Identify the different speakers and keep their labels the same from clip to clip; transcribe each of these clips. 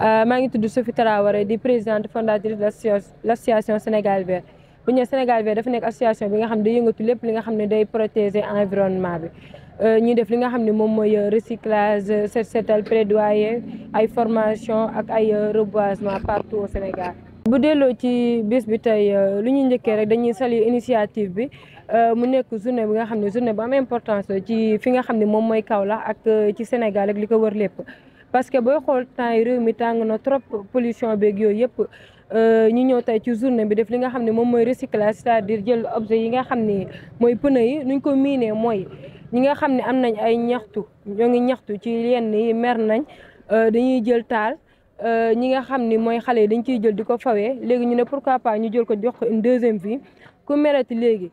Speaker 1: Euh, maa ngi tudd Sophie Traoré di présidente fondatrice de l'association Sénégal Vert bu Sénégal Vert dafa nekk association bi nga xam ne day yëngatu lépp li nga xam ne day protéger environnement bi euh, ñuy def li nga xam ne moom mooy euh, recyclage set setal ay formation ak ay reboisement partout au Sénégal bu delloo ci bis bi tey lu ñuy njëkkee rek dañuy saluer initiative bi mu nekk journée bi nga xam ne journée bu am importance ci fi nga xam ne moom mooy Kaolack ak ci Sénégal li ko wër lépp parce que booy xool temps yi réew mi tàng na trop pollution beeg yooyu yëpp euh, ñu ñëw tey ci journée bi def li nga xam ne moom mooy recyclage c'est-à-dire jël objet yi nga xam ni mooy pneu yi nuñ ko miinee mooy ñi nga xam ne am nañ ay ñaxtu ñoo ngi ñaxtu ci yenn yi mer nañ euh, dañuy jël taal. Euh, ñi nga xam ni mooy xale yi dañ ciy jël di ko fawee léegi ñu ne pourquoi pas ñu jël ko jox une deuxième vie ku merati léegi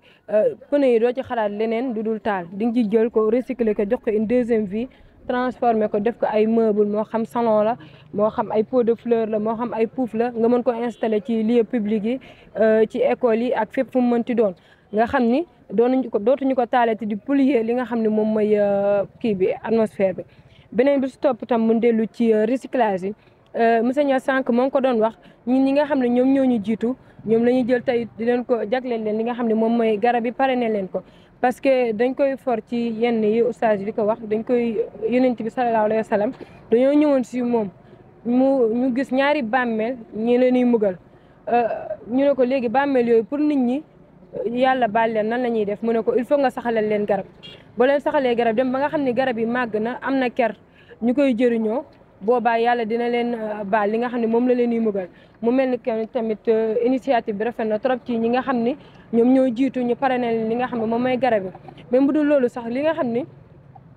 Speaker 1: pneu yi doo ci xalaat leneen du dul taal di nga ciy jël ko recycler ko jox ko une deuxième vie. transformé ko def ko ay meuble mo xam salon la mo xam ay pot de fleur la mo xam ay pouf la nga mën ko installer ci lieu public yi euh ci école yi ak fépp fu mën ti doon nga xam ni doonuñu ko dootuñu ko taalati di polluer li nga xam ni mom may euh, kii bi atmosphère bi benen bi su top tam mu ndelu ci euh, recyclage yi euh, monsieur Niass sank mo ko doon wax ñun ñi nga xam ni ñom ñoo ñu jitu ñom lañu jël tay di leen ko jagleel leen li nga xam ni mom may garab yi paréné ne leen ko parce que dañ koy for ci yenn yi oustaz bi ko wax dañ koy yonent bi sallallahu alayhi wa dañoo ñëwoon si moom mu ñu gis ñaari bàmmeel ñi leen ñuy mugal euh, ñu ne ko léegi bàmmeel yooyu pour nit ñi yàlla baal leen nan la ñuy def mu ne ko il faut nga saxalal leen garab boo leen saxalee garab dem ba nga xam ne garab yi màgg na am na ker ñu koy jëriñoo boobaa yàlla dina leen euh, baal li nga xam ne moom la leen di mugal mu mel ni que tamit euh, initiative bi rafet na trop ci ñi nga xam ni ñoom ñoo jiitu ñu pare na li nga xam ne moom mooy garab yi mais bu dul loolu sax li nga xam ni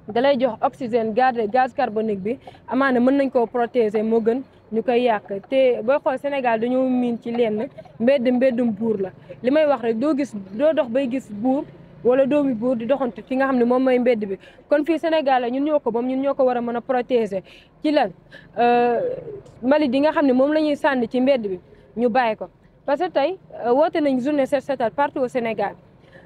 Speaker 1: dalay jox oxygène garde gaz carbonique bi amaana mën nañ koo protéger moo gën ñu koy yàq te booy xool Sénégal dañoo miin ci lenn mbedd mbeddum buur la li may wax rek doo gis doo dox bay gis buur wala doomi buur di doxantu fi nga xam ne moom mooy mbedd bi kon fii Sénégal la ñun ñoo ko moom ñun ñoo ko war a mën a protéger ci lan euh, mali di nga xam ne moom la ñuy sànni ci mbedd bi ñu bàyyi ko parce que tey euh, woote nañ journée set setal partout au Sénégal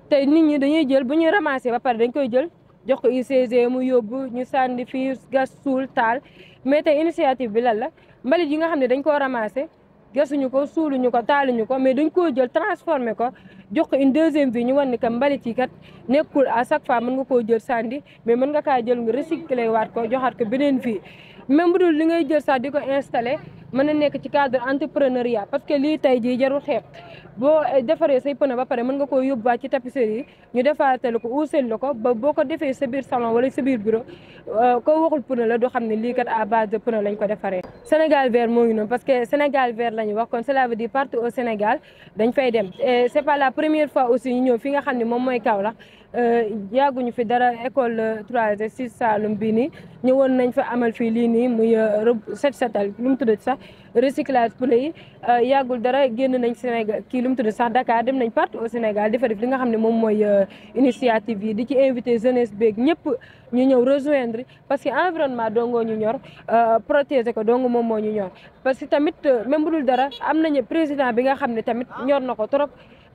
Speaker 1: tey nit ñi dañuy jël bu ñuy ramasser ba pare dañ koy jël jox ko UCG mu yóbbu ñu sànni fii gas suul taal mais tey initiative bi lan la mbalit yi nga xam ne dañ koo ramasser gasuñu ko suuluñu ko ñu ko mais dañ koo jël transformer ko jox ko une deuxième vie ñu wan ni que mbalit yi kat nekkul à chaque fois mën nga koo jël sànni mais mën nga kaa jël nga recycler waat ko joxaat ko beneen vie même bu li ngay jël sax di ko installé mën na nekk ci cadre entrepreneuriat parce que lii tey jii jarul xeeb boo eh, defaree say pneu ba pare mën nga koo yóbbuwaat ci tapisserie yi ñu defaatale ko uusal la ko ba boo ko defee sa biir salon wala sa biir bureau euh, koo waxul pneu la doo xam ne lii kat à base de pneu lañ ko defaree. Sénégal vert moo ngi parce que Sénégal vert la ñu wax kon cela veut dire au Sénégal dañ fay dem la première fois aussi ñu ñëw fi nga xam ne moom mooy Kaolack euh, yàgguñu fi dara école 3 si Saloum bii nii ñëwoon nañ fa amal fii lii nii muy euh, set setal lu mu tudd sax recyclage poulets yi euh, yàggul dara génn nañ Sénégal kii lu mu tudd sax Dakar dem nañ partout au Sénégal di fa def li nga xam ne moom mooy initiative yi di ci invité jeunesse beeg ñëpp ñu ñëw rejoindre parce que environnement dongoo ñu ñor protéger ko dong moom moo ñu ñor parce que tamit même bu dul dara am nañu président bi nga xam ne tamit ñor na ko trop.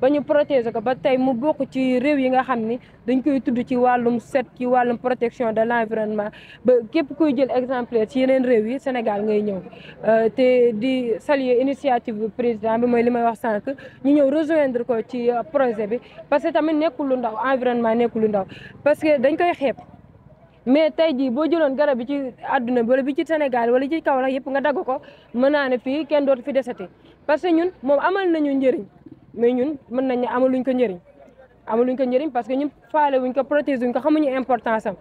Speaker 1: ba ñu protéger ko ba tey mu bokk ci réew yi nga xam ni dañ koy tudd ci wàllum set ci wàllum protection de l'environnement ba képp kuy jël exemple ci yeneen réew yi Sénégal ngay ñëw euh, te di saluer initiative bu président bi mooy li may wax sànq ñu ñëw rejoindre ko ci euh, projet bi parce que tamit nekkul lu ndaw environnement nekkul lu ndaw parce que dañ koy xeeb mais tey jii boo jëloon garab bi ci àdduna bi wala bi ci Sénégal wala ci Kaolack yëpp nga dagg ko mën naa ne fii kenn dootu fi desati parce que ñun moom amal nañu njëriñ mais ñun mën nañ ne amaluñ ko njëriñ amaluñ ko ñëriñ parce que ñun faalé wuñ ko protéger wuñ ko xamuñu importance am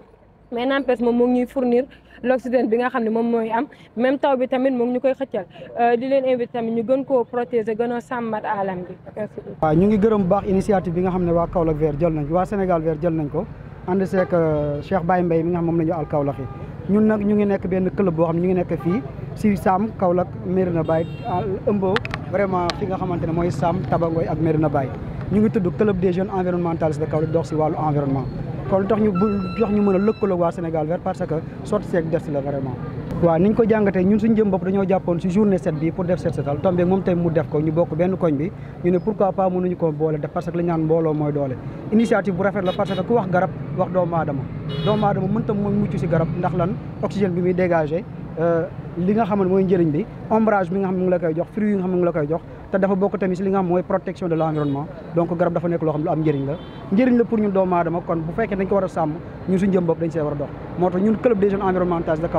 Speaker 1: mais n'empêche mom mo ngi fournir l'oxygène bi nga xam mom moy am même taw bi tamit moo ngi ñu koy xëccal euh, di leen inviter tamit ñu gën ko protéger gëna a alam bi
Speaker 2: wa ñu ngi gëreum baax initiative bi nga xam wa kaolak Kaolack vert jël nañ wa Sénégal vert jël nañ ko and ànd que euh, Cheikh Baye Mbaye mi nga xam mom lañu al kaolak ñun nak ñu ngi nekk ben club bo xam ñu ngi nekk fi ci Sam kaolak Mérina Baye ëmboo vraiment fi nga xamante ne mooy Sam Tabangoy ak Medina Baye ñu ngi tudd club des jeunes environnementalistes de Kaolack dox si wàllu environnement kon tax tax ñu mën a lëkkaloo waa Sénégal vert parce que sotti seeg def si la vraiment waaw niñ ko jàngatee ñun suñ jëm bopp dañoo jàppoon si journée set bi pour def set setal tombé moom tey mu def ko ñu bokk benn koñ bi ñu ne pourquoi pas mënuñu ko boole def parce que la ñaan mbooloo mooy doole li nga xam ne mooy njëriñ bi ombrage bi nga xam ne mu ngi la koy jox fruit yi nga xam ne mu ngi la koy jox te dafa bokk tamit si li xam mooy protection xam ne ñun doomu aadama kon ko war a sàmm ñun suñ a dox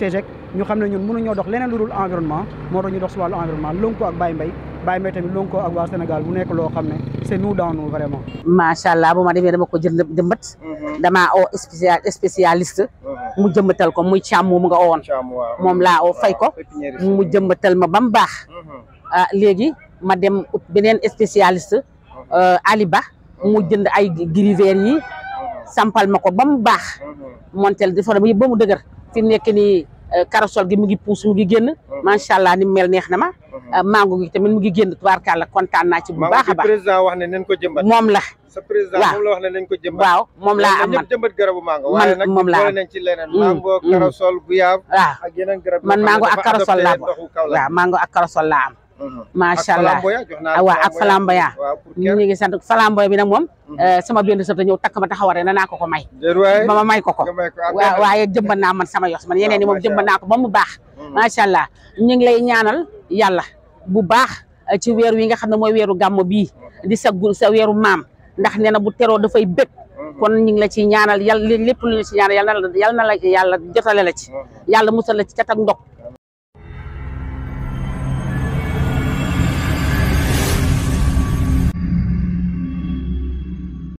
Speaker 2: xam ne ñun mënuñoo dox leneen lu dul environnement moo tax ñu dox si wàllu environnement ak Baye Mbaye Baye tamit lëngu ak waa Sénégal bu nekk loo xam ne c'est nous dans vraiment
Speaker 3: macha allah bu ma demee dama ko jël jëmbat mm-hmm. damaa o spécialiste mm-hmm. mu jëmbatal ko muy càmm mu nga owoon moom laa oo fay ko mu jëmbatal ma ba mu baax mhm. ah léegi ma dem beneen spécialiste euh, Ali Ba mhm. mu jënd ay griver yi sampal ma ko ba mu baax mhm. montel di forme yi ba mu dëgër fi nekk nii karosol euh, gi mu ngi puus mu ngi génn macha allah ni mu mel neex na ma Euh, mangu gi tamit mu ngi génn tubaarkàlla kontaan na ci bu baakha ba president
Speaker 2: wax ne nagn ko jëmbat mom la sa president mom la wax ne nagn ko jëmbat waaw mom la am man jëmbat garabu mangu waye nak mom la nagn ci leneen mm, mangu mm. karasol bu yaab ak yeneen garab man mangu ak karasol mm-hmm. la wa
Speaker 3: mangu ak karasol la am
Speaker 1: ma sha allah
Speaker 3: wa ak flamboyant ñu ngi sant flamboyant bi nak mom mm-hmm. euh, sama bënd sa dañu tak ma taxaware na nako ko may ba ma may ko ko waaw waaye jëmba naa man sama yox man yeneen ni mom jëmbat na ko ba mu baax mm-hmm. ma sha allah ñu ngi lay ñaanal yalla bu baax eh, ci weer wi nga xam ne mooy weeru gàmmo bii di sa sa weeru maam ndax nee na bu teroo dafay bég kon ñu ngi la ci ñaanal yàlla lépp lu ñu ci ñaanal yàlla na la yàlla na la jotale la ci yàlla musal la ci cat ak ndog